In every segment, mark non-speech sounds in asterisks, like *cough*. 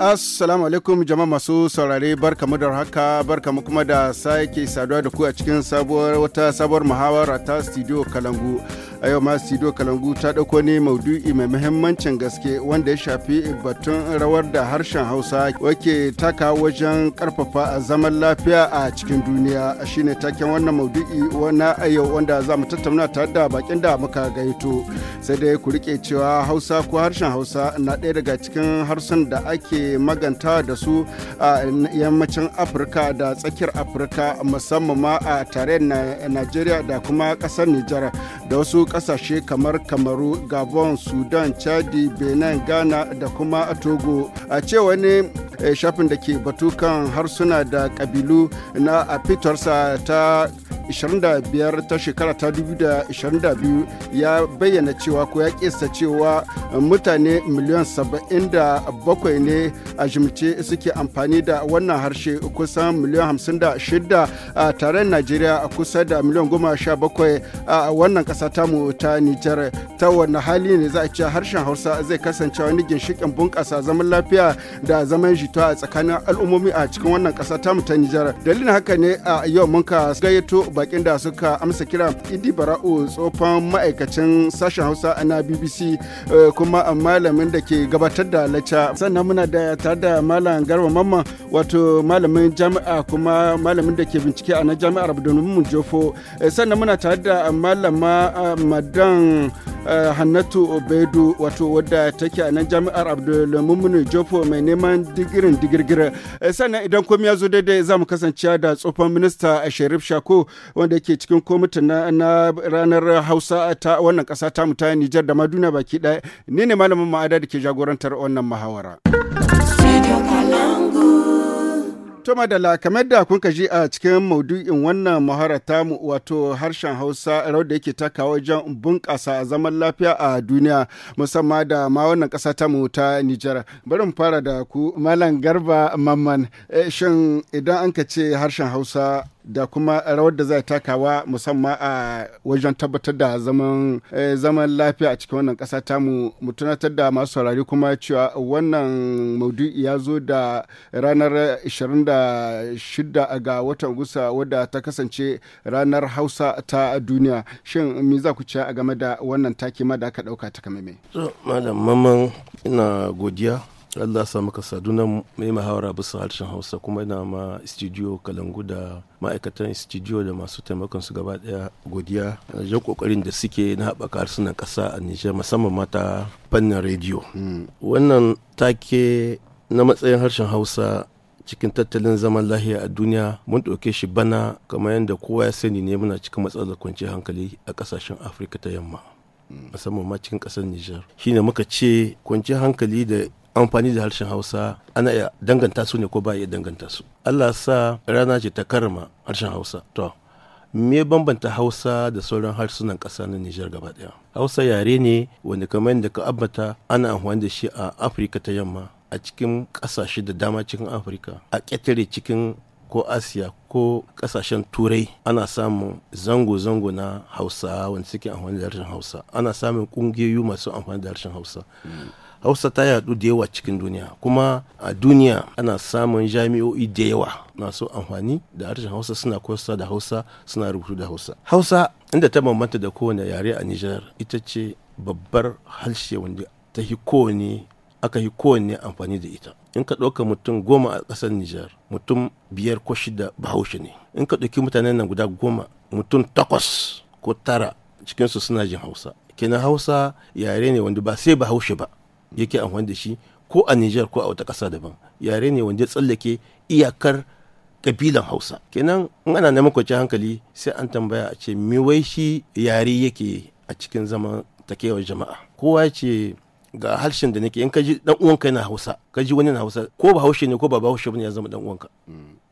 Assalamu alaikum jama'a masu saurare barka mu da haka barka mu kuma da sake saduwa da ku a cikin sabuwar wata sabuwar muhawara ta studio Kalangu. A yau ma studio Kalangu ta ɗauko ne maudu'i mai muhimmancin gaske wanda ya shafi batun rawar da harshen Hausa wake taka wajen karfafa zaman lafiya a cikin duniya shine taken wannan maudu'i na a yau wanda za mu tattauna tare da bakin da muka gaito sai dai ku rike cewa Hausa ko harshen Hausa na ɗaya daga cikin harsun da ake maganta da su a yammacin afirka da tsakiyar afirka musamman ma a tare na nigeria da kuma kasar nijar da wasu kasashe kamar kamaru gabon sudan chadi benin ghana da kuma togo a cewa ne eh, shafin da ke kan harsuna da kabilu na fitarsa ta 25 ta shekara ta 2022 ya bayyana cewa ko ya kesa cewa mutane miliyan 77 ne a jimce suke amfani da wannan harshe kusan miliyan hamsin da shida a taron najeriya a kusa da miliyan goma sha bakwai a wannan ƙasa tamu ta nijar ta wani hali ne za a ce harshen hausa zai kasance wani ginshikin bunƙasa zaman lafiya da zaman jito a tsakanin al'ummomi a cikin wannan ƙasa tamu ta nijar dalilin haka ne a yau mun ka gayyato bakin da suka amsa kira idi bara'u tsofan ma'aikacin sashen hausa na bbc eh, kuma malamin da ke gabatar da lacca sannan muna da tare da malam garba mamma wato malamin jami'a kuma malamin da ke bincike a na jami'ar mun jofo eh, sannan muna tare da malama eh, madan eh, hannatu obedu wato wadda take a nan jami'ar abdulmumin jofo mai neman digirin digirgir sannan idan komi ya zo daidai za mu kasance da tsofan minista sharif shako wanda ke cikin komitin na ranar hausa ta wannan ƙasa ta mu ta nijar da duniya baki ɗaya ni ne malamin ma'ada da ke jagorantar wannan muhawara. To madala kamar da kun ji a cikin maudu'in wannan maharata mu wato harshen Hausa rawar da yake taka wajen bunƙasa zaman lafiya a duniya musamman da ma wannan ƙasa ta mu ta Nijar. Bari mu fara da ku Malam Garba Mamman eh, shin idan an ka ce harshen Hausa da kuma rawar da zai takawa musamman a wajen tabbatar da zaman eh, lafiya a cikin wannan ƙasa ta mu tunatar da masu saurari kuma cewa wannan maudu'i ya zo da ranar 26 ga watan gusa wadda ta kasance ranar hausa ta duniya shin me za ku ce a game da wannan take ma da aka ɗauka ta kamame. ina godiya Allah sa maka saduna mai muhawara bisa harshen Hausa kuma ina ma studio Kalangu da ma'aikatan studio da masu taimakon su gaba daya godiya da kokarin da suke na haɓaka harsunan ƙasa a Nijar musamman mata fannin rediyo. Hmm. Wannan take na matsayin harshen Hausa cikin tattalin zaman lahiya a duniya mun ɗauke shi bana kamar yadda kowa ya sani ne muna cikin matsalar kwanciyar hankali a ƙasashen Afirka ta yamma. Hmm. musamman ma cikin kasar Nijar. Shine muka ce kwanci hankali da amfani da harshen hausa ana iya danganta su ne ko ba iya danganta su allah sa rana ce ta karma harshen hausa to me bambanta hausa da sauran harsunan ƙasa na nijar gaba ɗaya hausa yare ne wanda kamar yadda ka ambata ana amfani da shi a afirka ta yamma a cikin ƙasashe da dama cikin afirka a ƙetare cikin ko asiya ko ƙasashen turai ana samun zango-zango na hausa wanda suke amfani da harshen hausa ana samun ƙungiyoyi masu amfani da harshen hausa hausa ta yadu da yawa cikin duniya kuma a duniya ana samun jami'o'i da yawa masu amfani da harshen hausa suna kosa da hausa suna rubutu da hausa hausa inda ta bambanta da kowane yare a nijar ita ce babbar harshe wanda ta hi kowane aka yi kowanne amfani da ita in ka ɗauka mutum goma a ƙasar nijar mutum biyar ko shida bahaushe ne in ka ɗauki mutanen nan guda goma mutum takwas ko tara cikinsu suna jin hausa kenan hausa yare ne wanda ba sai bahaushe ba yake amfani da shi ko a Nijar ko a wata ƙasa daban yare ne wanda ya tsallake iyakar kabilan Hausa kenan in ana neman kwanciyar hankali sai an tambaya a ce me wai shi yare yake a cikin zaman takewar jama'a kowa ce ga harshen da nake in ka ji dan uwanka yana Hausa ka ji wani na Hausa ko ba Haushe ne ko ba haushe bane ya zama dan uwanka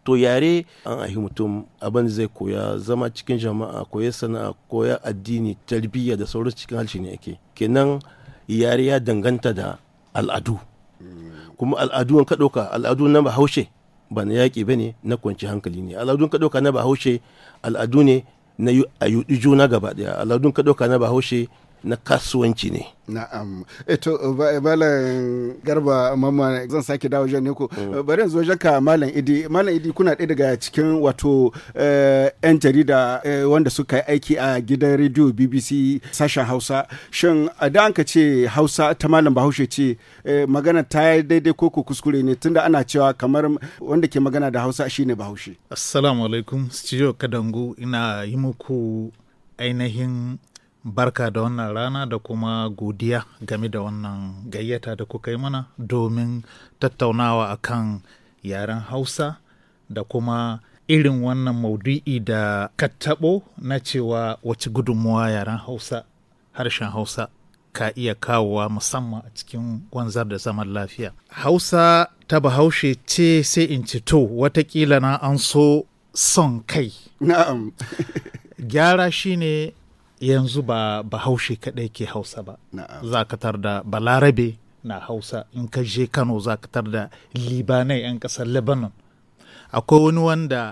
to yare an ahi mutum abin zai koya zama cikin jama'a koya sana'a koya addini tarbiyya da sauransu cikin harshe ne yake kenan yare danganta da al'adu kuma al'adu ka ɗauka al'adu na bahaushe ba na yaƙi ba ne na kwanci hankali ne al'adun ka ɗauka na bahaushe al'adu ne na a juna gaba ɗaya al'adun ka ɗauka na bahaushe na kasuwanci ne na'am eto eh, malam garba mamma zan sake dawo jan neku mm. eh, bari yanzu wajen ka malam idi malam idi kuna ɗaya daga cikin wato yan eh, jarida wanda suka yi aiki a gidan rediyo bbc sashen hausa shin a da an ka ce hausa ta malam bahaushe ce magana ta yi daidai ko ko kuskure ne tunda ana cewa kamar wanda ke magana da hausa shine bahaushe assalamu alaikum studio kadangu ina yi muku ainihin barka da wannan rana da kuma godiya game da wannan gayyata da kuka yi mana domin tattaunawa akan yaren hausa da kuma irin wannan maudu'i da kattaɓo na cewa wace gudunmuwa yaren hausa harshen hausa ka iya kawowa musamman a cikin wanzar da zaman lafiya hausa ta bahaushe ce sai in ci to watakila na an so son kai gyara shine yanzu ba bahaushe kaɗai ke hausa ba za ka tar da balarabe na hausa in ka je kano za ka tar da libanai 'yan ƙasar lebanon akwai wani wanda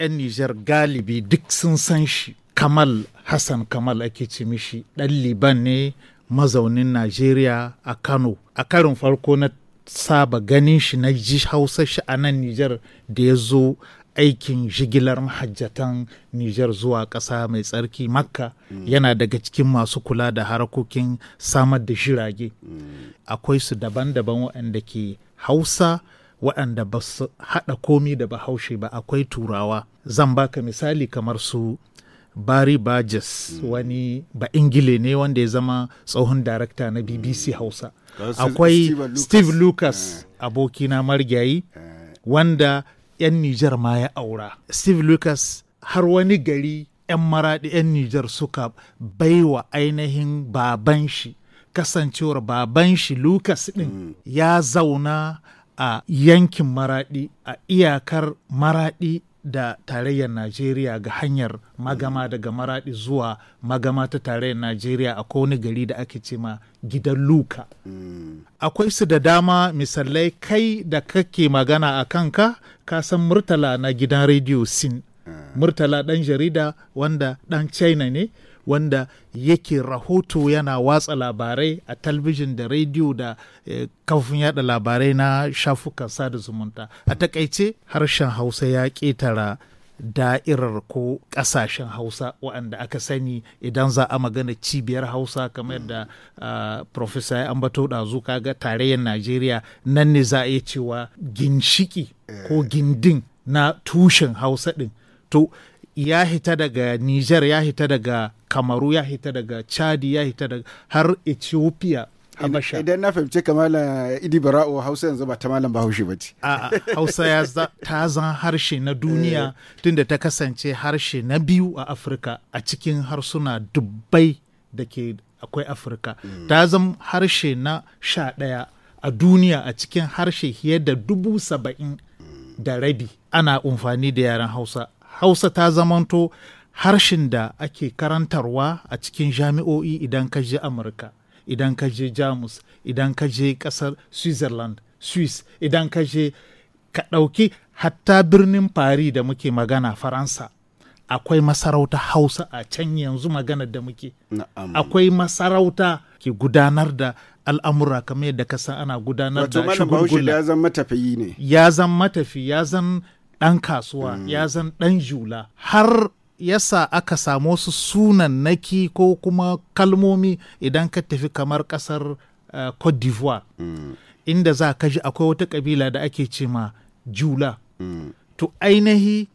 'yan nijar galibi duk sun san shi kamal hassan kamal ake ce mishi ɗan liban ne mazaunin najeriya a kano a karin farko na saba ganin shi na ji hausa shi a nan nijar da ya zo aikin jigilar mahajjatan Nijar zuwa ƙasa mai tsarki Makka yana daga cikin masu kula da harkokin samar da jirage. Akwai su daban-daban waɗanda ke Hausa waɗanda ba su haɗa komi da bahaushe ba akwai turawa. Zan baka misali kamar su Barry Burgess wani ba Ingile ne wanda ya zama tsohon darakta na BBC Hausa. Akwai Steve Lucas, eh. abokina margayi eh. wanda 'yan Nijar ma ya aura. Steve Lucas har wani gari 'yan maraɗi 'yan Nijar suka baiwa ainihin baban shi kasancewar baban shi Lucas ɗin mm. ya zauna a yankin maraɗi a iyakar maraɗi da tarayyar najeriya ga hanyar magama mm-hmm. daga maradi zuwa magama ta tarayyar najeriya a wani gari da ake ce ma gidan luka mm. akwai su da dama misalai kai da kake magana a kanka ka san murtala na gidan rediyo sin ah. murtala ɗan jarida wanda ɗan china ne wanda yake rahoto yana watsa labarai a talbijin da rediyo da eh, kafin yada labarai na shafukan sada zumunta a takaice harshen hausa ya ƙetara da'irar ko ƙasashen hausa waɗanda aka sani idan za a magana cibiyar hausa kamar da uh, ah, profesa ya ambato ɗazu kaga tarayyar najeriya nan ne za a yi cewa ginshiki ko eh. gindin na tushen hausa ɗin to ya hita daga Niger ya hita daga Kamaru ya hita daga Chadi ya hita daga har Ethiopia Idan na fahimci kamala Idi Bara'u Hausa yanzu ba ta malam Bahaushe ba ce. A'a Hausa ya ta zan harshe na duniya eh. tunda ta kasance harshe na biyu a Afirka a cikin harsuna dubbai da ke akwai Afirka. Hmm. Ta zan harshe na sha ɗaya a duniya a cikin harshe fiye da dubu saba'in da rabi ana amfani da yaren Hausa hausa ta zamanto harshen da ake karantarwa a cikin jami'o'i idan ka je amurka idan ka je jamus idan ka je kasar switzerland swiss idan ka je ka ɗauki hatta birnin fari da muke magana faransa akwai masarauta hausa a can yanzu magana da muke akwai masarauta ke gudanar da al'amura kamar yadda ka san ana gudanar da shugulgula ya zan matafi ne ya zan matafi ya zan ɗan kasuwa mm. ya zan ɗan jula har yasa aka samu su sunan naki ko kuma kalmomi idan ka tafi kamar ƙasar uh, Cote d'Ivoire mm. inda za ka ji akwai wata ƙabila da ake ce ma jula mm. to ainihi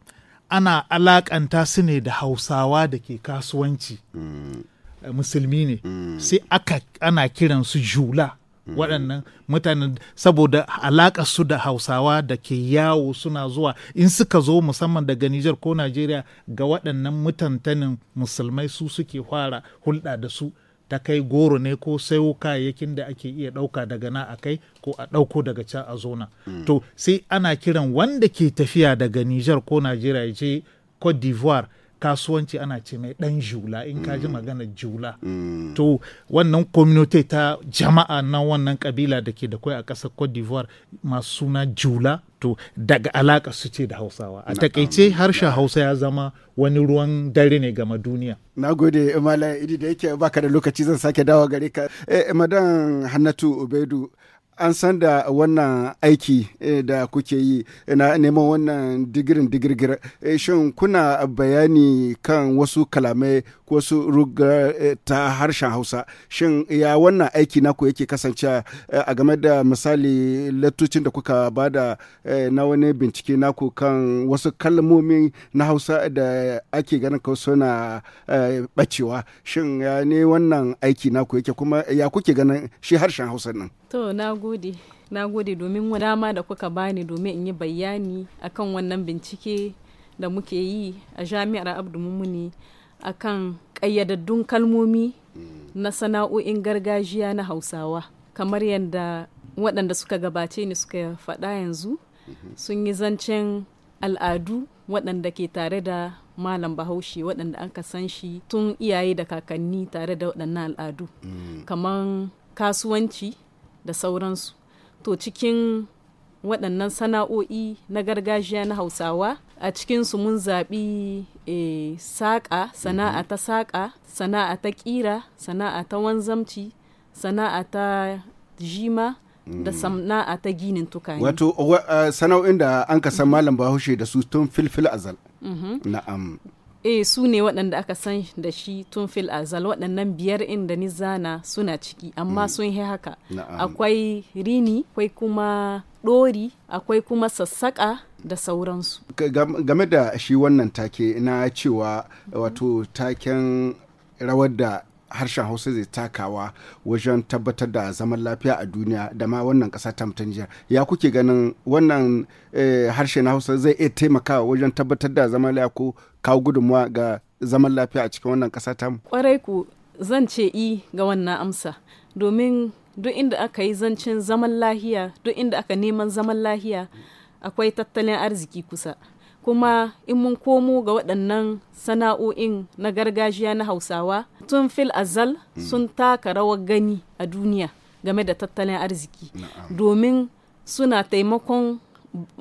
ana alaƙanta su ne da hausawa da ke kasuwanci mm. eh, musulmi ne mm. sai aka ana kiransu jula Mm-hmm. waɗannan mutanen saboda alaƙar su da hausawa da ke yawo suna zuwa in suka zo musamman daga Nijar ko Najeriya ga waɗannan mutantanin musulmai su suke fara hulɗa da su ta kai goro ne ko sayo kayayyakin da ake iya ɗauka daga na a kai ko a ɗauko daga can a zona. Mm. To sai ana kiran wanda ke tafiya daga Nijar ko Najeriya ya je Cote d'Ivoire kasuwanci ana ce mai dan jula in ka ji mm. magana jula mm. to wannan community ta jama'a na wannan kabila da ke da kwai a ƙasar cote d'ivoire masu suna jula to daga alaƙa su ce da hausawa a takaice harshen hausa ya zama wani ruwan dare ne gama duniya na gode imala idi da yake baka da lokaci zan sake dawo gare ka eh, madan hannatu ubaidu an san da wannan aiki eh, da kuke yi eh, na neman wannan digirin digirgir eh, shin kuna bayani kan wasu kalamai wasu ruga eh, ta harshen hausa shin ya wannan aiki naku yake kasance eh, a game da misali lattocin da kuka bada eh, na wani bincike naku kan wasu kalmomi na hausa da ake ganin ka suna bacewa shin ya ne wannan aiki naku yake kuma ya kuke ganin shi harshen hausa nan to na gode na gode domin dama da kuka bani domin in yi bayani akan wannan bincike da muke yi a jami'ar abdu mummuni akan ƙayyadaddun kalmomi na sana'o'in gargajiya na hausawa kamar yadda waɗanda suka gabace ni suka faɗa yanzu sun yi zancen al'adu waɗanda ke tare da malam bahaushe waɗanda an san shi tun iyaye da kakanni tare da waɗannan al'adu mm. kamar kasuwanci da sauransu to cikin waɗannan sana'o'i na gargajiya na hausawa a cikinsu mun zaɓi e, saƙa sana'a ta saƙa sana'a ta ƙira sana'a ta wanzamci sana'a ta jima da mm. sana'a ta ginin tukani. Wato sana'o'in da an ka san malam bahaushe da su tun filfil azal. Mhm. Na'am. eh su ne waɗanda aka san da shi tun fil azal waɗannan biyar inda ni zana suna ciki amma mm. sun yi haka akwai rini akwai kuma ɗori akwai kuma sassaƙa da sauransu game da shi wannan take na cewa wato taken rawar da harshen hausa zai takawa wajen tabbatar da zaman lafiya a duniya da ma wannan kasa ta mutanjiyar ya kuke ganin wannan eh, harshe na hausa zai iya taimakawa wajen tabbatar da zaman lafiya ko kawo gudunmuwa ga zaman lafiya a cikin wannan kasa ta kwarai ku zan ce i ga wannan amsa domin duk inda aka yi zancen zaman lahiya duk inda aka neman zaman lahiya akwai tattalin arziki kusa kuma in mun komo ga waɗannan sana'o'in na gargajiya na hausawa tun fil azal sun taka rawar gani a duniya game da tattalin arziki domin suna taimakon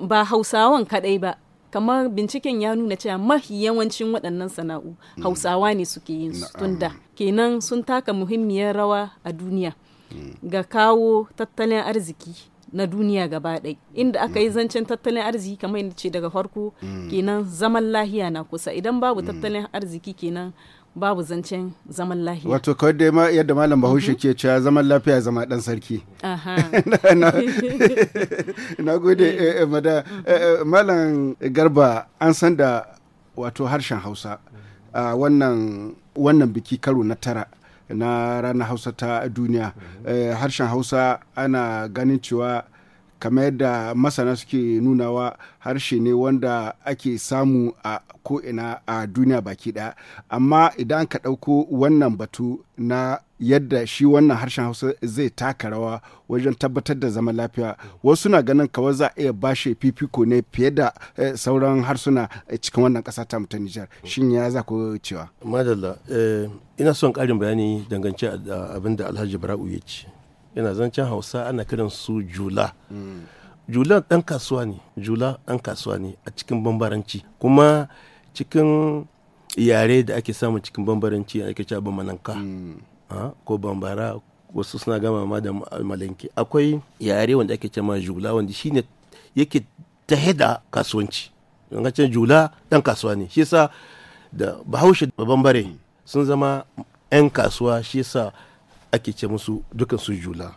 ba hausawan kaɗai ba kamar binciken ya nuna cewa mafi yawancin waɗannan sana'u mm. hausawa ne suke yin su da kenan sun taka muhimmiyar rawa a duniya mm. ga kawo tattalin arziki na duniya gaba ɗai inda aka yi zancen tattalin arziki kamar yadda ce daga farko mm. kenan zaman lahiya na kusa idan babu tattalin arziki kenan babu zancen zaman lahiya. Wato kawai dai yadda malam Bahaushe mm-hmm. ke cewa zaman lafiya zama dan sarki. *laughs* *laughs* Na gode eh, eh, mada eh, malam Garba an san da wato harshen Hausa a wannan biki karo na tara. na ranar hausa ta duniya eh, harshen hausa ana ganin cewa kamar yadda masana suke nunawa harshe ne wanda ake samu a ko'ina a duniya baki ɗaya amma idan ka ɗauko wannan batu na yadda shi wannan harshen hausa zai taka rawa wajen tabbatar da zama lafiya wasu na ganin kawai za a iya bashe fifiko ne fiye da eh, sauran harsuna eh, cikin wannan ƙasa ta mutan nijar shin ya za ku cewa madalla eh, ina son karin bayani dangance abin da alhaji bara'u ya ce yana zancen hausa ana kiran su jula hmm. jula dan kasuwa ne jula dan kasuwa ne a cikin bambaranci kuma cikin yare da ake samu cikin bambaranci ake cewa bamananka hmm. ko bambara wasu suna gama ma da malinki akwai yare wanda ake cema jula wanda shine yake ta heda kasuwanci don jula dan kasuwa ne shi yasa da bahaushe da bambare sun zama 'yan kasuwa shi yasa ake ce musu dukan su jula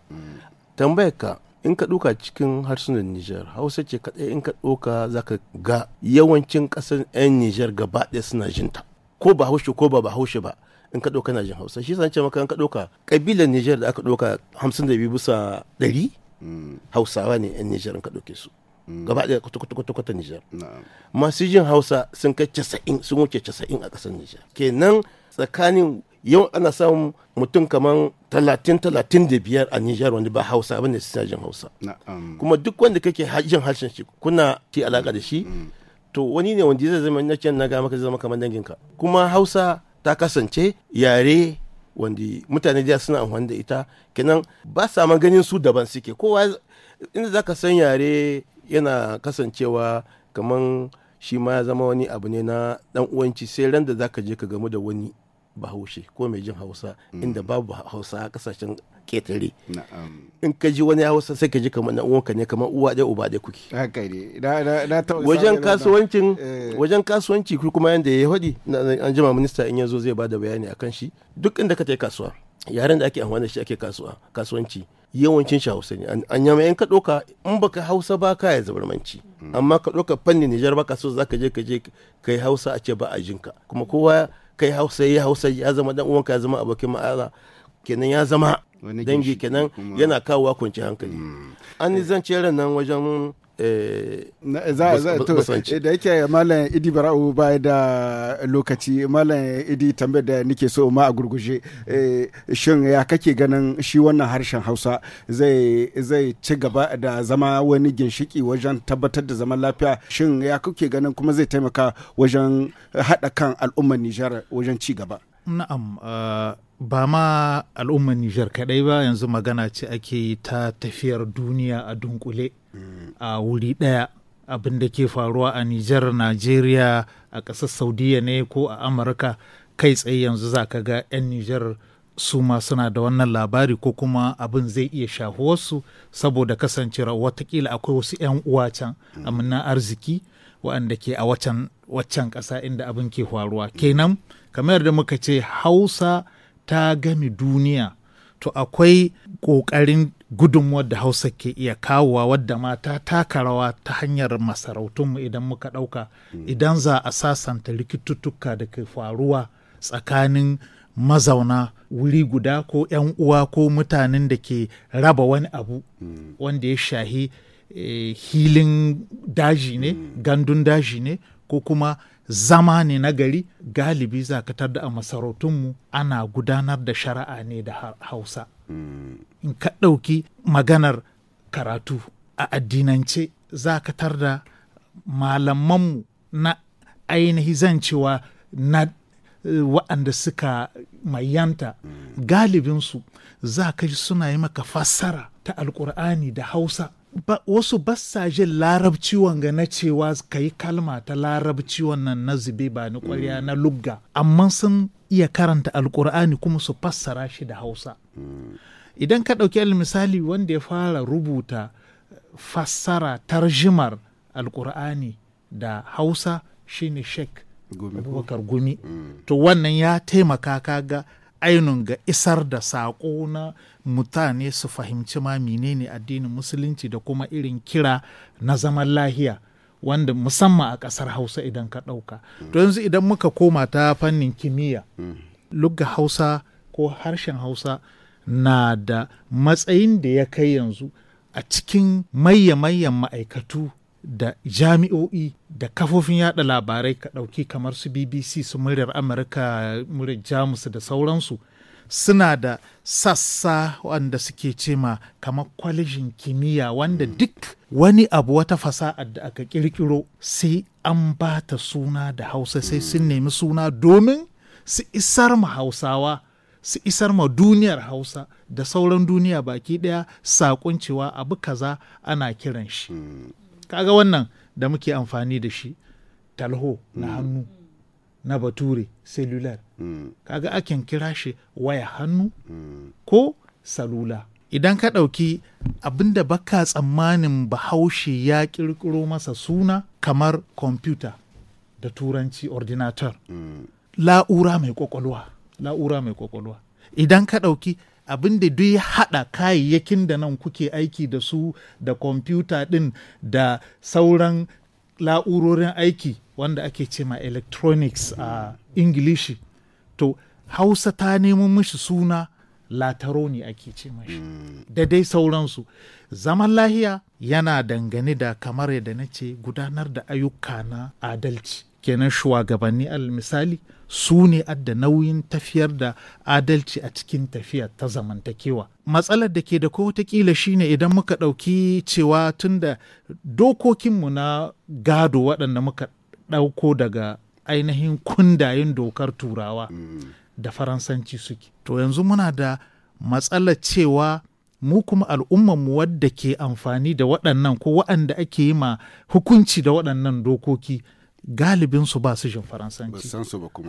tambayar ka in ka duka cikin harsunan Nijar Hausa ce kadai in ka ɗauka zaka ga yawancin kasar 'yan Nijar gaba ɗaya suna jinta ko bahaushe ko ba bahaushe ba in ka ɗauka na jin hausa shi san ce maka in ka ɗauka ƙabilar nijar da aka ɗauka hamsin da biyu bisa ɗari hausawa ne yan nijar in ka ɗauke su gaba ɗaya kwata-kwata nijar masu jin hausa sun kai casa'in sun wuce casa'in a ƙasar nijar kenan tsakanin yau ana samun mutum kamar talatin talatin da biyar a Nijar wanda ba Hausa ba ne suna jin Hausa. Kuma duk wanda kake jin harshen shi kuna ti alaƙa da shi mm. to wani ne wanda zai zama na na ga maka zai zama kamar danginka. Kuma Hausa ta kasance yare wanda mutane da suna amfani da ita kenan ba sa ganin su daban suke kowa inda za ka san yare yana kasancewa kamar shi ma ya zama wani abu ne na dan uwanci sai ran da ka je ka gamu da wani bahaushe ko mai jin hausa mm. inda babu hausa a kasashen ketare in ka ji wani hausa sai ka ji kamar na uwanka ne kamar uwa ɗaya uba ɗaya kuke wajen kasuwancin eh. wajen kasuwanci kuma yanda ya haɗi an jima minista in yanzu zai bada bayani akan shi duk inda ka tai kasuwa yaren da ake amfani da shi ake kasuwa kasuwanci yawancin shi hausa ne an yama yan ka ɗoka in baka hausa ba ka ya zabarmanci hmm. amma ka doka fannin nijar ba ka so za ka je ka je ka yi hausa a ce ba a jinka kuma kowa kai hausa ya hausa ya zama dan uwanka ya zama abokin ma'aza kenan ya zama dangi kenan yana kawowa kwanci hankali mm. an zance ran nan wajen eh, eh, da yake malam idi bara'u baya da lokaci malam idi tambayar da nike so ma a gurguje eh, shin ya kake ganin shi wannan harshen hausa zai ci gaba da zama wani ginshiki wajen tabbatar da zaman lafiya shin ya kake ganin kuma zai taimaka wajen haɗa kan al'ummar nijar wajen ci gaba na'am ba ma al'ummar Nijar kaɗai ba yanzu magana ce ake yi ta tafiyar duniya a dunkule mm. a wuri ɗaya abin da ke faruwa a Nijar, Najeriya, a ƙasar Saudiya ne ko a Amurka kai tsaye yanzu za ka ga 'yan Nijar su ma suna da wannan labari ko kuma abin zai iya shahuwarsu saboda kasancewa watakila akwai wasu 'yan uwa can mm. amina arziki waɗanda ke a waccan ƙasa inda abin ke faruwa kenan kamar da muka ce hausa ta gami duniya to akwai ƙoƙarin gudunmuwar da hausa ke iya kawowa wadda mata taka rawa ta hanyar masarautunmu idan muka ɗauka hmm. idan za a sasanta rikituttuka da ke faruwa tsakanin mazauna wuri guda ko 'yan uwa ko mutanen da ke raba wani abu hmm. wanda ya shahi eh, hilin daji ne hmm. gandun daji ne ko kuma zama ne na gari galibi za ka tar da a masarautunmu ana gudanar da shari'a ne da hausa in ka ɗauki maganar karatu a addinance za ka tar da malamanmu na ainihi zancewa na eh, waɗanda suka mayanta galibinsu za ka ji suna yi maka fassara ta alkur'ani da hausa ba wasu bassajen larabci wanga na cewa ka yi kalma ta larabci wannan na zube ba ni kwarya mm. na lugga amma sun iya karanta alkur'ani kuma su fassara shi da hausa mm. idan ka ɗauki misali wanda ya fara rubuta eh, fassara tarjimar alkur'ani da hausa shine shek. abubakar gumi mm. to wannan ya taimaka kaga ainun ga isar da saƙo na mutane su fahimci ma menene addinin musulunci da kuma irin kira na zaman lahiya wanda musamman a ƙasar hausa idan ka ɗauka to yanzu idan muka koma ta fannin kimiyya lugga hausa ko harshen hausa na da matsayin da ya kai yanzu a cikin mayya-mayyan ma'aikatu da jami'o'i da kafofin yada labarai ka ɗauki kamar su bbc su muryar amurka muryar jamus da sauransu suna da sassa wanda suke cema kamar kwalejin kimiyya wanda hmm. duk wani abu wata fasa'a da aka kirkiro sai an ba ta suna da hausa sai sun hmm. nemi suna domin su isar ma hausawa su isar ma duniyar hausa da sauran duniya baki daya saƙon cewa abu kaza ana kiran shi hmm. kaga wannan da muke amfani da shi talho na mm. hannu na bature cellular mm. kaga akin kira shi waya hannu mm. ko salula idan ka ɗauki abinda baka tsammanin bahaushe ya ƙirƙiro masa suna kamar kwamfuta da turanci ordinator la'ura mai kwakwalwa idan ka ɗauki abin da duk haɗa kayayyakin da nan kuke aiki da su da kwamfuta ɗin da sauran la'urorin aiki wanda ake ce ma electronics a uh, ingilishi to hausa ta nemo mishi suna lataroni ake ce mashi da dai sauransu zaman lahiya yana dangane da kamar yadda na ce gudanar da ayyuka na adalci kenan shugabanni al misali su ne adda nauyin tafiyar da adalci a cikin tafiya ta zamantakewa matsalar da ke da ko watakila shine idan muka ɗauki cewa tun da dokokinmu na gado waɗanda muka ɗauko daga ainihin kundayen dokar turawa da faransanci suke to yanzu muna da matsalar cewa mu kuma al'ummanmu wadda ke amfani da waɗannan ko waɗanda ake yi ma hukunci da waɗannan dokoki galibinsu ba su jin faransanci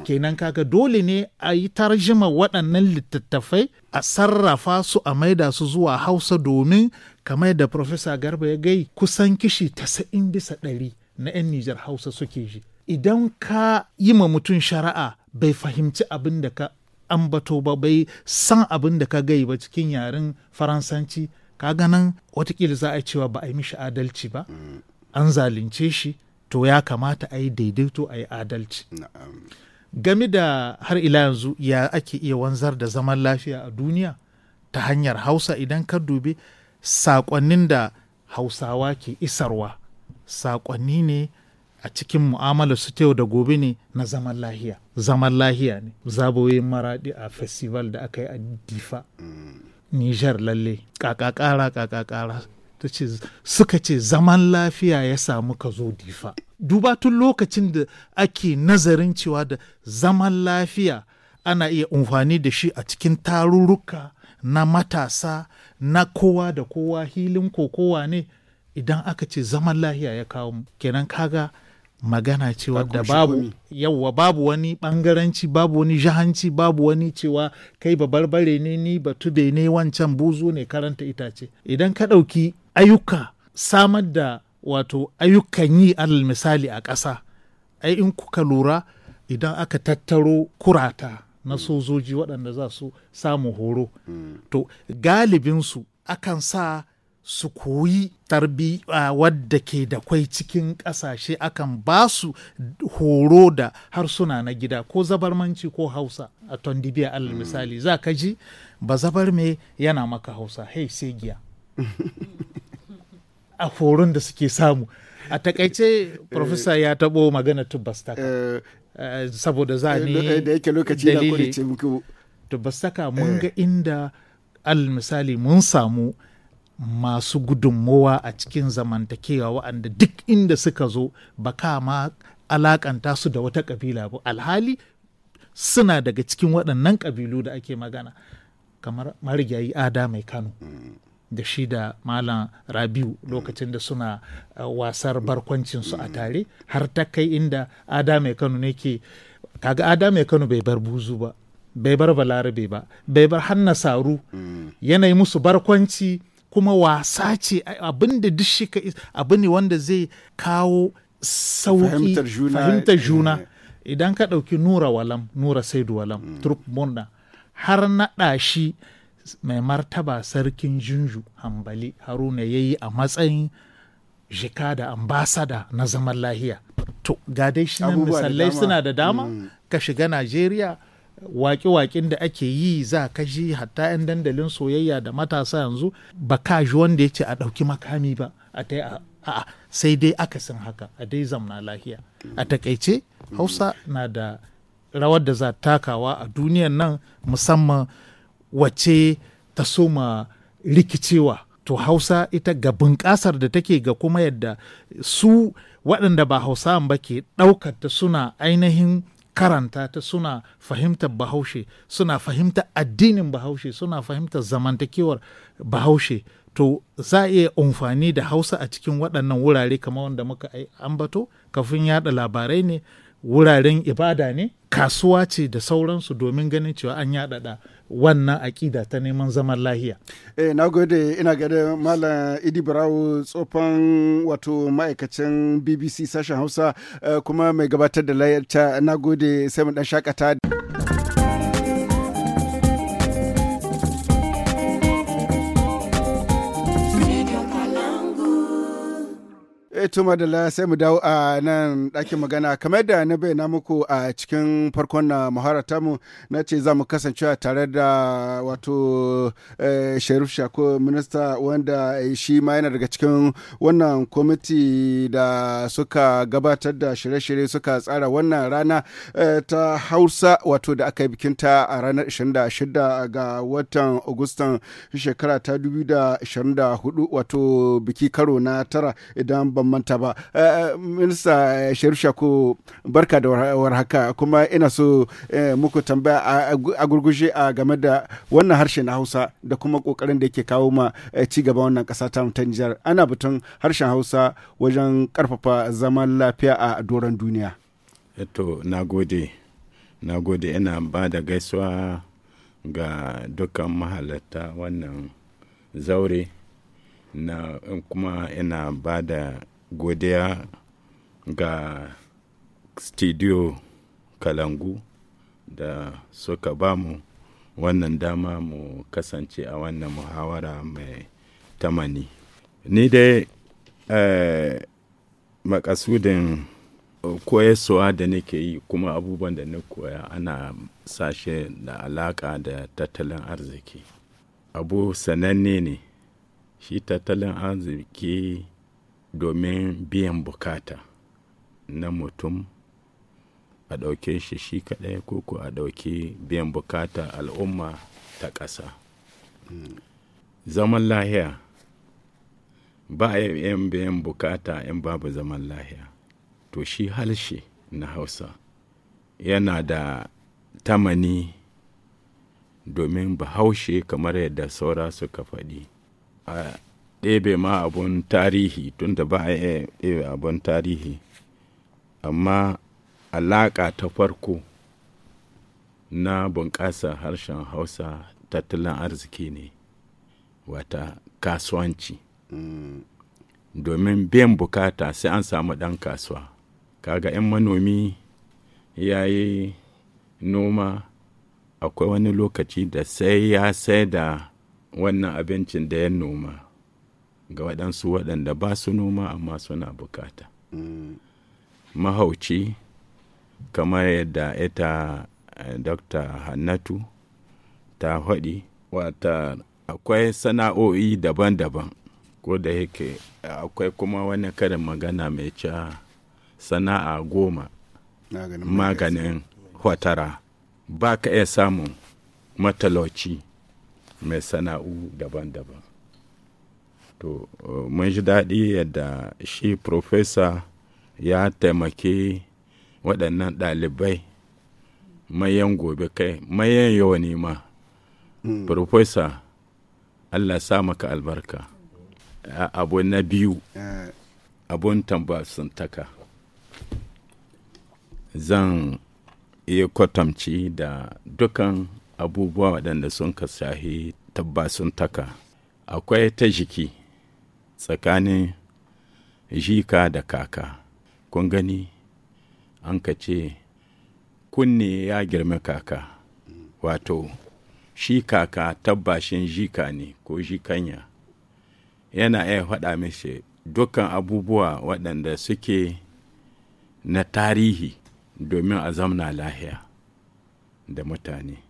kenan kaga dole ne a yi tarjima waɗannan littattafai a sarrafa su a maida su zuwa hausa domin kamar da profesa garba ya gai kusan kishi tasa'in bisa ɗari na 'yan nijar hausa suke ji idan ka yi ma mutum shari'a bai fahimci abin da ka ambato ba bai san abin da ka gai ba cikin yaren faransanci ka ganan watakila za a cewa ba a yi mishi adalci ba mm. an zalunce shi to ya kamata a yi daidaito a yi adalci game da har ila yanzu ya ake iya wanzar da zaman lafiya a duniya ta hanyar hausa idan ka dubi saƙonnin da hausawa ke isarwa saƙonni ne a cikin mu'amala su yau da gobe ne na zaman lahiya zaman lahiya ne zaboyin maradi a festival da aka yi a difa mm. nijar lalle kakakara kakakara ta ce suka ce zaman lafiya ya samu ka zo difa duba tun lokacin da ake nazarin cewa da zaman lafiya ana iya amfani da shi a cikin tarurruka na matasa na kowa da kowa hilin kowa ne idan aka ce zaman lafiya ya kawo kenan kaga magana cewa da babu yawwa babu wani bangaranci babu wani jahanci babu wani cewa kai babarbare ne ni tube ne wancan buzu ne karanta itace idan ka ɗauki ayyuka samar da wato ayyukan yi alal misali a ƙasa ai in kuka lura idan aka tattaro kurata na sojoji waɗanda za su samu horo to galibinsu akan sa su koyi tarbi wadda ke da kwai cikin ƙasashe akan ba su horo da harsuna na gida ko zabarmanci ko hausa a tondibiya alal misali za ka ji ba zabar me yana maka hausa hei sai giya *laughs* a horon da suke samu a takaice eh, profesa ya taɓo magana tubbas eh, eh, saboda za ne da yake mun ga inda al misali mun samu masu gudunmowa a cikin zamantakewa waɗanda duk inda suka zo ba ma alakanta su da wata kabila ba alhali suna daga cikin waɗannan kabilu da ake magana kamar marigayi ada mai kano mm. da shi da malam rabiu lokacin da suna uh, wasar barkwancinsu a tare har ta kai inda ada mai kano ne ke kaga ada mai kano bai bar buzu ba bai bar balarabe ba bai bar hanna saru mm. yanayi musu barkwanci kuma wasa ce abin da duk shi abu ne wanda zai kawo sauki fahimtar juna eh. idan ka ɗauki nura walam nura saidu walam mm. trup murna har naɗa shi mai martaba sarkin jinju hambali haruna ya yi a matsayin jika da ambasada na zaman lahiya to ga dai shi misalai suna da dama mm. ka shiga najeriya waƙe-waƙen da ake yi za ka ji hatta 'yan dandalin soyayya da matasa yanzu ba ka ji wanda ya ce a ɗauki makami ba a ta a sai dai aka akasin haka a dai zamna lahiya a takaice hausa na da rawar da za takawa a duniyan nan musamman Wace ta soma rikicewa to hausa ita ga bunƙasar da take ga kuma yadda su waɗanda ba hausa ba ke ɗaukar ta suna ainihin karanta ta suna fahimtar bahaushe suna fahimtar addinin bahaushe suna fahimtar zamantakewar bahaushe to za a iya amfani da hausa a cikin waɗannan wurare kamar wanda muka ambato kafin yaɗa labarai ne wuraren ibada ne kasuwa ce da sauransu domin ganin cewa an yaɗaɗa wannan aƙida ta neman zaman lahiya. Eh, na gode ina gada Malam Idi Barawo tsofan wato ma'aikacin BBC sashen Hausa uh, kuma mai gabatar da layar na gode sai mu dan shakata. Eh, to madalla sai mu dawo a nan ɗakin magana kamar da na bayyana muku a cikin farkon na muharata mu na ce za mu kasance tare da wato eh, sharif shako minista wanda eh, shi ma yana daga cikin wannan kwamiti da suka gabatar da shirye-shirye suka tsara wannan rana ta hausa wato da aka yi bikinta a ranar 26 ga watan agustan shekara ta 2024 wato biki karo na tara idan ba manta ba eh, eh, minista eh, shaku barka da warhaka kuma ina so muku tambaya a gurgushe a game da wannan harshe na hausa da kuma kokarin da yake kawo ma ci gaban wannan kasa ta nijar ana batun harshen hausa wajen karfafa zaman lafiya a doron duniya eto na gode ina ba da gaisuwa ga dukkan mahalarta wannan zaure na kuma ina ba da godiya ga studio kalangu da suka bamu wannan dama mu kasance a wannan muhawara mai tamani ni dai eh, makasudin koyarwa da nake yi kuma abubuwan da na koya ana sashe da alaka da tattalin arziki abu sananne ne shi tattalin arziki domin biyan bukata na mutum a ɗauke shi shi kaɗai ko ko a ɗauki biyan bukata al'umma ta ƙasa zaman lahiya ba a yin biyan bukata in babu zaman lahiya to shi halshe na hausa yana da tamani domin bahaushe kamar yadda saura suka faɗi a ɗebe ma abun tarihi tun da ba a ɗebe abun tarihi amma alaƙa ta farko na bunƙasa harshen hausa tattalin arziki ne wata kasuwanci mm. domin biyan bukata sai an samu ɗan kasuwa kaga in manomi ya yi noma akwai wani lokaci da sai ya sai da wannan abincin da ya noma ga waɗansu waɗanda ba su noma amma suna bukata mm. mahauci kamar yadda ita eh, dr hannatu ta haɗi wata akwai sana'o'i daban-daban ko da yake akwai kuma wani karin magana mai cewa sana'a goma maganin hotara ba ka iya samun matalauci mai sana'u daban-daban to mun ji daɗi yadda shi profesa ya taimake waɗannan ɗalibai mayan gobe kai mayan yawa ne ma hmm. profesa allah sa maka albarka abu na biyu eh. abun taka zan iya kwatamci da dukan abubuwa waɗanda sun ka sahi tabbasuntaka akwai ta jiki tsakanin jika da kaka kun gani an ka ce kunne ya girma kaka wato shi kaka tabbashin jika ne ko jikanya yana iya faɗa mishi dukkan abubuwa waɗanda suke na tarihi domin a zamna lahiya da mutane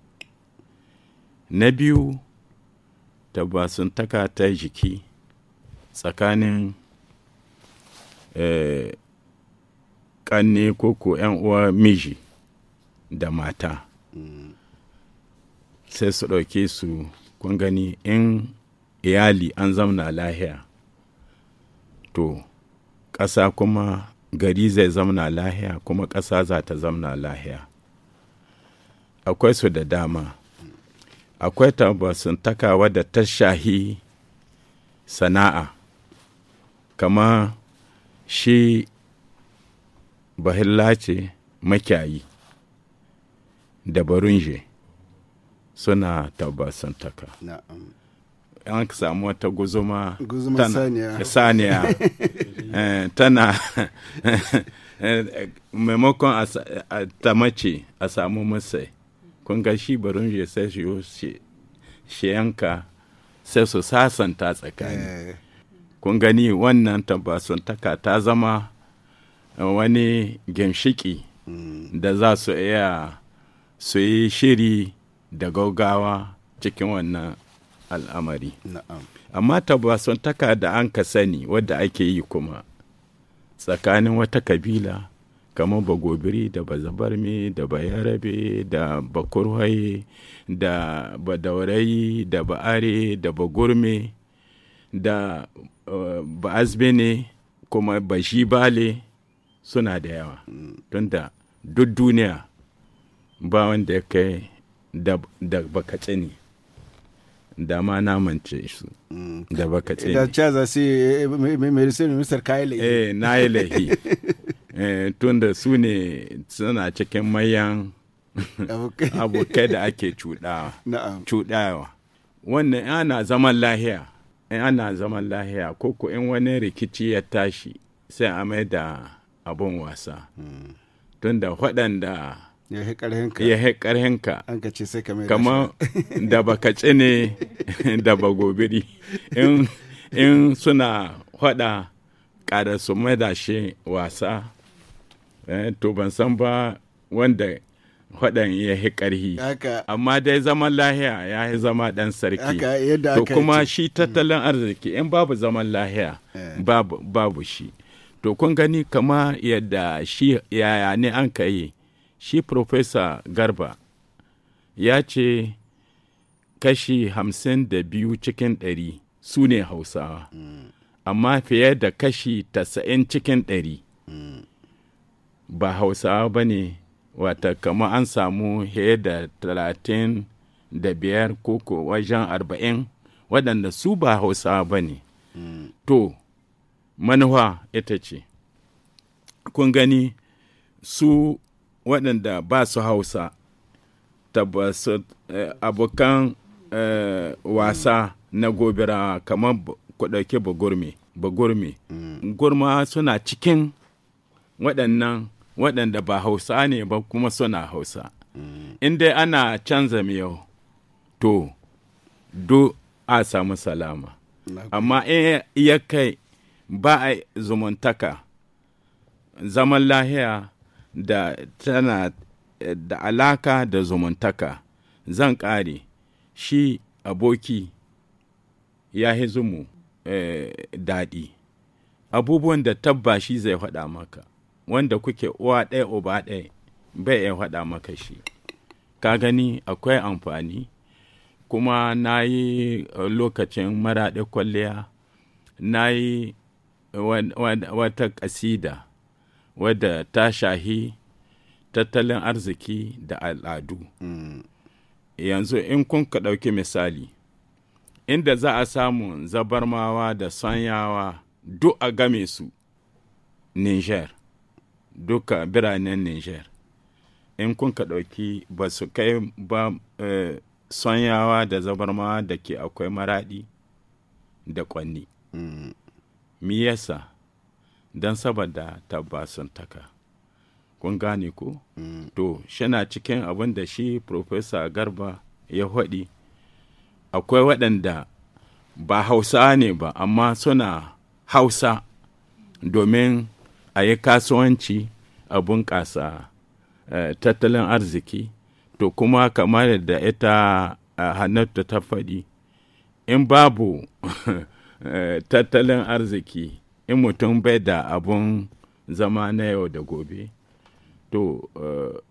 na biyu tabbasin taka ta jiki tsakanin kanne eh, ko ko uwa miji da mata sai su ɗauke su kun gani in iyali an zamna lahiya to ƙasa kuma gari zai zamna lahiya kuma ƙasa za ta zamna lahiya akwai su da dama akwai takawa da ta shahi sana'a kama shi bahilla ce makiyayi da barunje suna tabbasantaka an ka samu wata guzuma saniya tana maimakon ta mace a samu masai kun ga shi barunje sai shi yanka sai su sasanta tsakani eh. kun gani wannan taka ta zama wani ginshiki da za su iya su yi shiri da gaugawa cikin wannan al'amari amma taka da an ka sani wadda ake yi kuma tsakanin wata kabila kamar bagobiri da bazabarme da bayarabe da bakurwaye da badaurayi da ba'are da bagurme da uh, eh, ba'azbe ne kuma bashi bale suna da yawa don da duk duniya ba wanda ya kai da, baka tsini da ma na mance su da baka tsini da caza za su mai sinu Mr kayi laihi eh na yi lahi tunda *laughs* eh, tun da su ne suna cikin mayan abokai *laughs* da ake cuɗawa wannan yana zaman lahiya in ana zaman lahiya ko ko in wani rikici ya tashi sai a mai da abun wasa hmm. tunda waɗanda ya he ƙarhinka an ka ce sai ka mai kama da baka ci ne da ba gobiri in suna waɗa ƙara su mai da shi wasa eh, to ban san ba wanda faɗan ya yi ƙarhi amma dai zaman lahiya ya yi zama ɗan sarki to kuma shi hmm. tattalin arziki in babu zaman lahiya eh. babu, shi to kun gani kama yadda shi yaya ne an ka yi shi profesa garba ya ce kashi hamsin da biyu cikin ɗari su ne hausawa hmm. amma fiye da kashi tasa'in cikin ɗari hmm. ba hausawa ba ne wata kama an samu heda da talatin da biyar koko wajen arba'in waɗanda su ba hausawa ba ne hmm. to manuwa ita ce kun gani su waɗanda ba su hausa tabbas eh, abokan eh, wasa na gobira kamar kudauke bagurmi hmm. gurma suna cikin waɗannan waɗanda ba hausa ne ba kuma suna hausa in dai ana canza miyau to do a samu salama amma in ya kai ba a zumuntaka zaman lahiya da tana da alaka da zumuntaka zan ƙare shi aboki ya hizumu eh, daɗi abubuwan da tabba shi zai faɗa maka wanda kuke uwa ɗaya uba ɗaya bai iya faɗa maka shi ka gani akwai amfani kuma na yi uh, lokacin maraɗe kwalliya na yi uh, wata ƙasida wadda ta shahi tattalin arziki da al'adu yanzu in kun ka ɗauki misali inda za a samu zabarmawa da sanyawa duk a game su niger duka biranen niger in kun ka ɗauki ba su kai ba eh, sonyawa da zabarmawa da ke akwai maraɗi da ƙwanni mi mm. yasa don saboda tabbasun taka kun gane ko mm. to shana cikin abin da shi profesa garba ya haɗi akwai waɗanda ba hausa ne ba amma suna hausa domin a yi kasuwanci a bunƙasa eh, tattalin arziki to kuma kamar da ita eh, hannatu ta faɗi in babu *laughs* eh, tattalin arziki in mutum bai da abun zama na yau da gobe to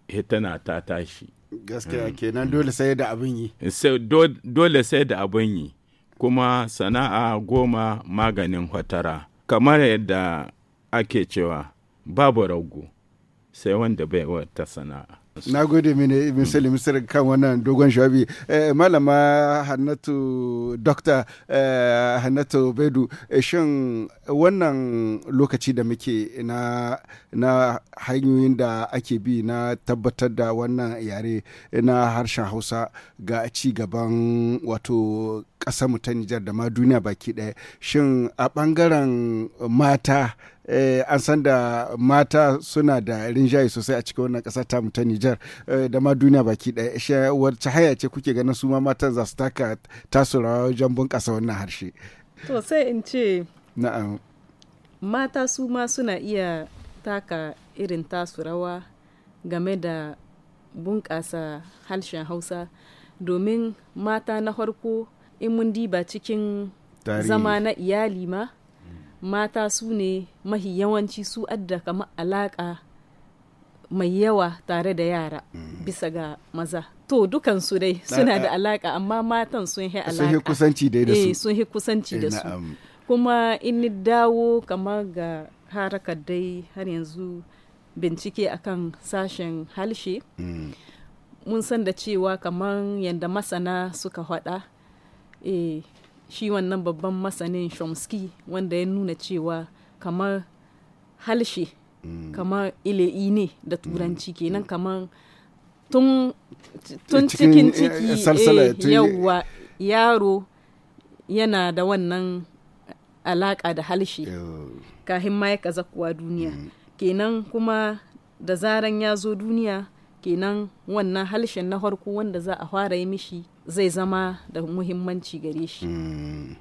hitana ta tashi gaskiya hmm. kenan dole sai da abin yi dole sai da abin yi kuma sana'a goma maganin hotara kamar yadda ake cewa babu rago sai wanda bai wata sana'a na gode mini misali misali kan wannan dogon shabi eh, malama hannatu dokta eh, hannatu bedu eh, shin wannan lokaci da muke na hanyoyin da ake bi na tabbatar da wannan yare na harshen hausa ga ci gaban wato ƙasar mu ta nijar da ma duniya baki ɗaya shin a ɓangaren mata Eh, an san da mata suna da rinjaye sosai a cikin wannan ta tamu ta Nijar eh, da ma duniya baki ɗaya wacce haya ce kuke ganin su ma matan za su taka tasu wajen bunƙasa wannan harshe. To sai in ce. Mata su ma suna iya taka irin tasu game da bunƙasa harshen Hausa domin mata na farko in mun diba cikin zama na iyali ma mata su ne mahi yawanci su adda kama alaƙa mai yawa tare da yara mm. bisa ga maza to dukansu dai suna eh, da alaƙa amma matan sun yi alaƙa eh, sun yi kusanci eh, da su sun hi kusanci da su kuma in dawo kamar ga harakar dai har yanzu bincike akan sashen halshe mm. mun san da cewa kamar yadda masana suka faɗa e, shi wannan babban masanin Chomsky wanda ya nuna cewa kamar halshe mm. kamar ile'i ne da mm. turanci kenan mm. kamar tun cikin eh, ciki eh, eh, yawwa yaro yana da wannan alaƙa da halshe kahin ma ya kaza kuwa duniya kenan kuma da zaran ya zo duniya kenan wannan halshen na farko wanda za a fara yi mishi zai zama da muhimmanci gare shi mm.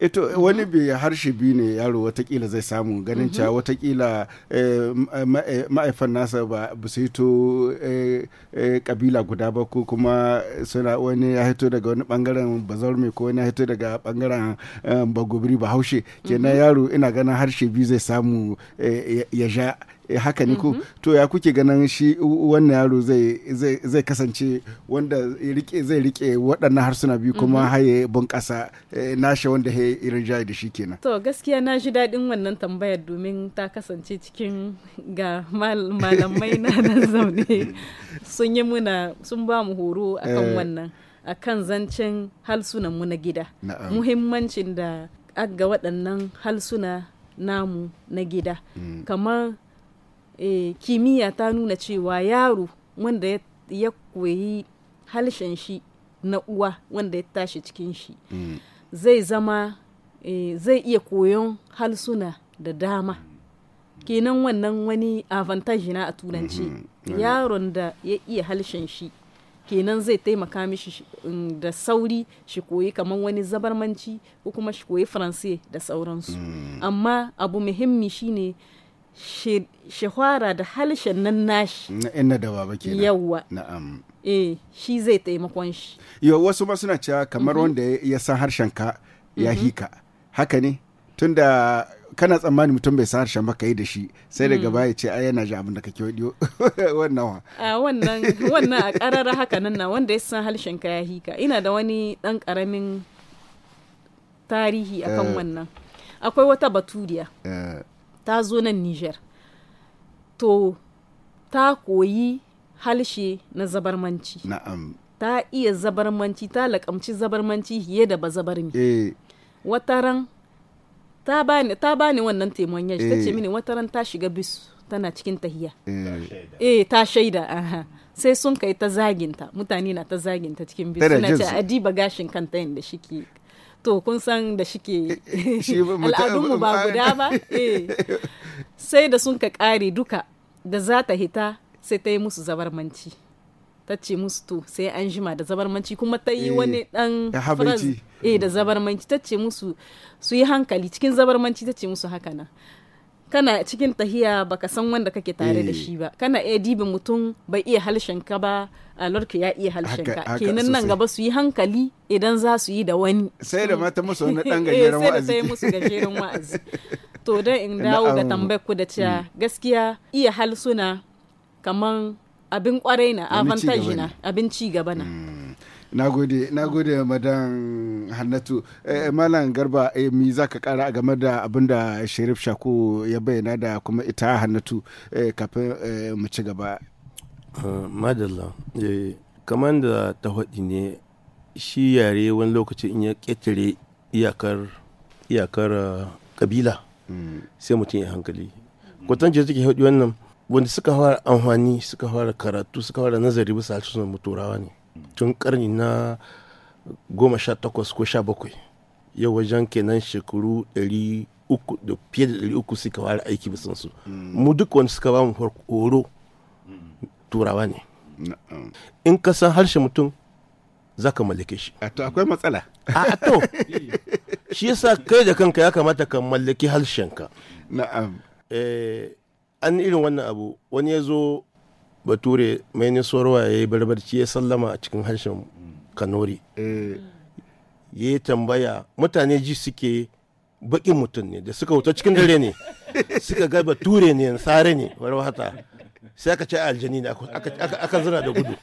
ito wani bai harshe biyu ne yaro watakila zai samu ganin mhm. cewa watakila eh, eh, eh, ma'aifan nasa ba su hito kabila guda ba ko kuma suna wani ya hito daga wani bangaren bazarme ko wani ya hito daga bangaren bagobiri ba haushe kenan mhm. yaro ina ganin harshe biyu zai samu ya ja Eh, haka ne ko mm-hmm. to ya kuke ganin shi wannan yaro zai kasance wanda zai rike waɗannan harsuna biyu kuma mm-hmm. haye bunƙasa eh, nashi wanda ya irin jayi da shi kenan to gaskiya na ji daɗin wannan tambayar domin ta kasance cikin ga malamai na nan *laughs* zaune sun yi muna sun ba mu horo akan eh. wannan akan zancen halsunan mu na gida muhimmancin da ga waɗannan halsuna namu na gida mm. kamar e, kimiyya ta nuna cewa yaro wanda ya koyi halshen shi na uwa wanda ya tashi cikin shi mm. zai zama eh, zai iya koyon halsuna da dama mm. kenan wannan wani avantage na a turanci mm-hmm. yaron da ya iya halshen shi kenan zai taimaka mishi mm, da sauri shi koyi kamar wani zabarmanci ko kuma shi koyi faransai da sauransu mm. amma abu muhimmi shine shahara da halshen nan nashi na inna da baba ke yawa na'am eh shi zai taimakon shi yo wasu ma suna cewa kamar mhm. wanda ya san harshen ka ya mhm. hika haka ne tunda kana tsammani mutum bai san harshen ba ka yi da shi sai daga mm. baya ce ai yana ji abin da kake wadiyo *laughs* wannan wa a wannan wannan a karara haka nan na wanda ya san harshen ka ya hika ina da wani dan karamin tarihi akan eh. wannan akwai wata baturiya eh. ta zo nan Nijar. To, ta koyi halshe na zabarmanci. Na'am. Ta iya zabarmanci, ta laƙamci zabarmanci fiye da bazabarmi. Eh. Wataran ta bani ta bani wannan taimon yaji ta ce eh. mini wataran ta shiga bis tana cikin tahiya. e ta shaida. Aha. Sai sun kai ta zaginta, mutane na ta zaginta cikin bis. Suna ce adiba gashin kanta yadda shike. to kun san da shike eh, eh, al'adunmu ba guda ba *laughs* eh. sai da sun ka ƙare duka da za ta hita sai ta yi musu zabarmanci ta ce musu to sai an jima da zabarmanci kuma ta yi wani dan eh da zabarmanci ta ce musu su yi hankali cikin zabarmanci ta ce musu haka nan kana cikin tahiya baka san wanda kake tare da eh. shi ba kana iya dibin mutum bai iya ka ba a lorka ya iya halshenka kenan nan gaba su yi hankali idan za su yi da wani sai da mata musu wani dan *laughs* eh, gajeren wa'azi sai da musu gajeren wa'azi *laughs* to dan in dawo ga tambayar ku da cewa mm. gaskiya iya halsuna kaman abin kwarai na avantage na abin ci gaba na mm. nagode nagode madan hannatu eh, malam garba eh, mi za ka kara game da abin da sharif shaku ya bayyana da kuma ita hannatu eh, kafin eh, mu ci gaba uh, madalla eh, kamar da ta haɗi ne shi yare wani lokaci in ya ƙetare iyakar iyakar uh, eh, kabila mm. sai mutum ya hankali mm. kwatance suke haɗi wannan wanda suka fara amfani suka fara karatu suka fara nazari bisa harsunan mu turawa ne tun karni na goma sha takwas ko sha bakwai yau wajen kenan shekaru ɗari uku da fiye da ɗari uku suka fara aiki bisan su mm. mu duk wani suka ba mu horo turawa ne in ka san harshe mutum za ka mallake shi a to akwai matsala a to shi yasa kai da kanka ya kamata ka mallaki harshenka na'am eh, an irin wannan abu wani ya zo bature mai niswarwa ya yi barbarci ya sallama a cikin harshen kanori eh. ya yi tambaya mutane ji suke baƙin mutum ne da suka wuta cikin dare ne suka ga bature ne sare ne warwata sai aka ce aljani ne aka zana da gudu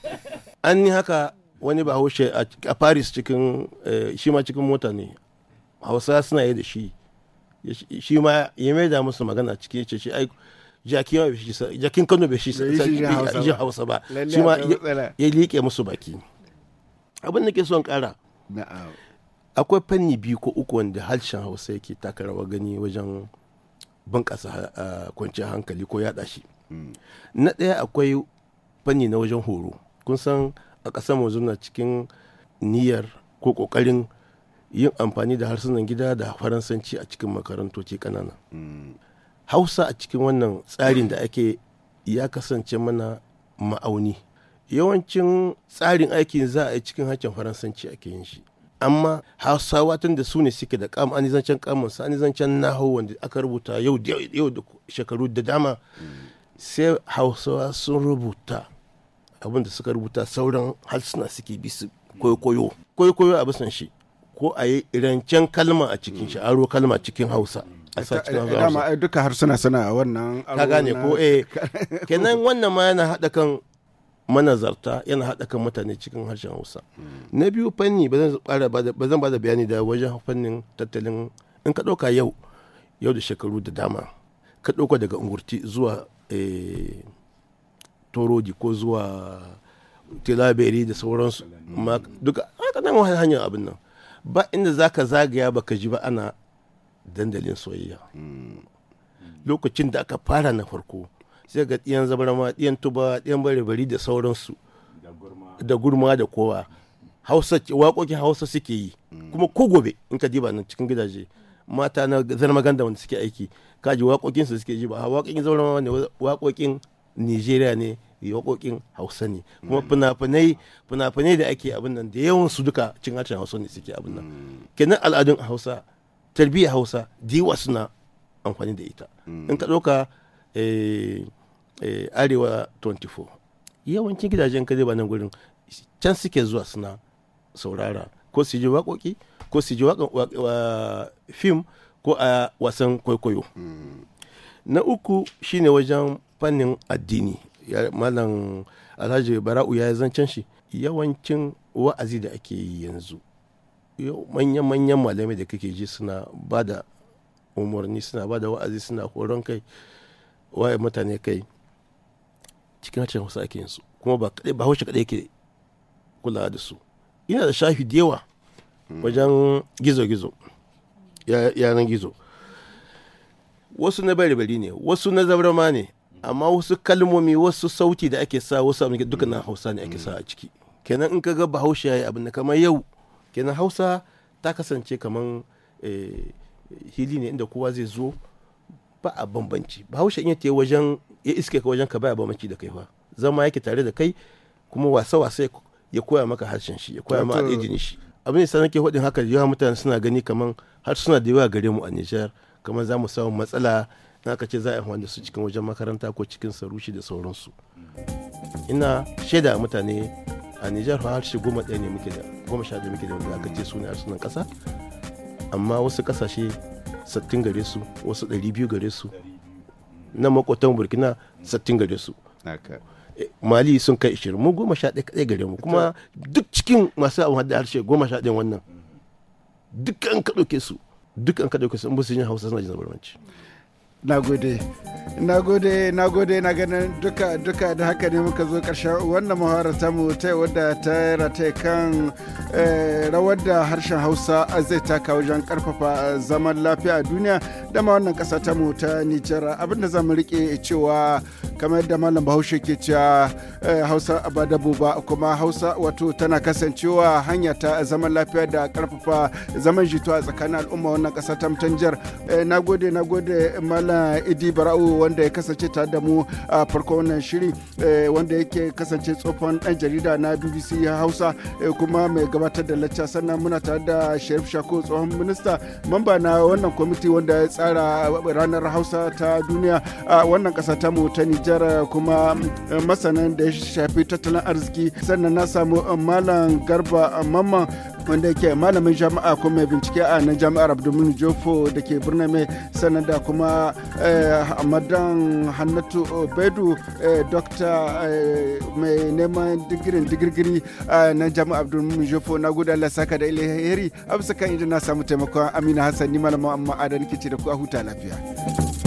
an yi haka wani bahaushe a paris cikin eh, shi ma cikin mota ne hausa suna yi da shi shi ma ya maida musu magana cikin ce shi jakin bai shi jakin Kano bai shi ji Hausa ba shi ma ya liƙe musu baki abin da ke son ƙara akwai fanni biyu ko uku wanda harshen Hausa yake taka rawa gani wajen bunƙasa kwanciyar hankali ko yaɗa shi hmm. na ɗaya akwai fanni na wajen horo kun san a ƙasar mu na cikin niyyar ko ƙoƙarin yin amfani da harsunan gida da faransanci a cikin makarantoci ƙanana hmm. hausa a cikin wannan tsarin da ake ya kasance mana ma'auni yawancin tsarin aikin za a yi cikin harshen faransanci ake yin shi amma hausawa tun da su ne suke da kam anizancen kamun sa anizancen naho wanda aka rubuta yau da shekaru da dama sai hausawa sun rubuta abin da suka rubuta sauran harsuna suke bi su koyo koyo a bisan shi ko a yi rancen kalma a cikin shi aro kalma cikin hausa a sa cikin eh, hausa dama eh, duka harsuna suna wannan ka gane ko eh *laughs* kenan wannan ma yana haɗa kan manazarta yana haɗa kan mutane cikin harshen hausa hmm. na biyu fanni ba ba zan ba da bayani da wajen fannin tattalin in ka ɗauka yau yau da shekaru da dama ka ɗauka daga ungurti zuwa eh, torodi ko zuwa tilaberi da sauransu duka haka nan hanyar abin nan ba inda zaka zagaya baka ji ba ana dandalin soyayya lokacin da aka fara na farko sai ga ɗiyan zabarama ɗiyan tuba ɗiyan bari-bari da sauransu da gurma da kowa hausa waƙoƙin hausa suke yi mm. kuma ko gobe in ka diba nan cikin gidaje mata na zarmaganda wanda suke aiki kaji waƙoƙin su suke ji ba waƙoƙin zaurama ne waƙoƙin nigeria ne waƙoƙin hausa ne kuma mm. fina-finai fina-finai da ake abin nan da yawan su duka cin harshen hausa ne suke abin nan mm. kenan al'adun hausa tarbiyyar hausa diwa suna amfani da ita mm. in ka ɗauka eh, eh, arewa 24 yawancin gidajen ka ba nan gurin can suke zuwa suna saurara ko su ji waƙoƙi ko su ji fim ko a wasan kwaikwayo mm. na uku shine wajen fannin addini malam alhaji bara'u ya zancen shi yawancin wa'azi da ake yi yanzu manyan-manyan malamai da kake ji suna ba da umarni suna ba da wa'azi suna horon kai waye mutane kai cikin harshen hausa ake yin su kuma ba kadai ba haushe kadai ke kula da su ina da shafi da yawa hmm. wajen gizo-gizo yanar gizo wasu na bari-bari ne wasu na zabrama ne amma wasu kalmomi wasu sauti da ake sa wasu abin duka na hausa ne ake sa hmm. a ciki kenan in ka ga bahaushe ya yi abin da kamar yau kenan hausa ta kasance kamar eh, hili ne inda kowa zai zo ba a bambanci ba Hausa in ya wajen ya iske ka wajen ka baya bambanci da kai ba zama yake tare da kai kuma wasa wasa ya koya maka harshen shi ya koya maka aljini shi abin da sanake hudin haka yawa mutane suna gani kaman har suna da yawa gare mu a Nijar kamar za mu samu matsala na aka ce za a amfani da su cikin wajen makaranta ko cikin sarushi da sauransu ina shaida mutane a nijar fa harshe goma ɗaya ne muke da goma sha ɗaya muke da wanda aka ce su ne harsunan ƙasa amma wasu ƙasashe sattin gare su wasu ɗari biyu gare su na makwatan burkina sattin gare su e, mali sun kai ishirin mu goma sha ɗaya gare mu kuma duk cikin masu abin hada harshe goma sha ɗaya wannan duk an ka ɗauke su duk an ka ɗauke su in ba su yin hausa suna jin zabarmanci Nagode nagode nagode na ganin duka duka da haka ne muka zo karshen wannan muhawarar ta mu ta wadda ta rata kan eh, rawar da harshen hausa zai taka wajen karfafa eh, zaman lafiya a duniya da ma wannan ƙasa ta mu ta nijar abinda zamu rike cewa kamar yadda malam bahaushe ke cewa eh, hausa ba dabo ba kuma hausa wato tana kasancewa hanya ta zaman lafiya da karfafa zaman a tsakanin al'umma wannan ƙasa ta mu ta nijar na gode na malam malam idi barau wanda ya kasance tare da mu a farko wannan shiri eh, wanda yake kasance tsofan dan jarida na bbc hausa eh, kuma mai gabatar da lacca sannan muna tare da sharif shako tsohon minista mamba na wannan kwamiti wanda ya tsara ranar hausa ta duniya a wannan kasa ta mu ta nijar kuma eh, masanin da ya shafi tattalin arziki sannan na samu malam garba mamman wanda yake malamin jami'a kuma mai bincike a nan jami'ar abdulmuni jofo da ke birnin mai sanar da kuma hamadan eh, hannatu bedu eh, dokta eh, mai neman digirin digirgiri a nan jami'ar abdulmuni jofo na guda lasaka da ilheri a bisa kan idan na samu taimakon amina hassan ni malamin amma adan ke ce da ku a huta lafiya.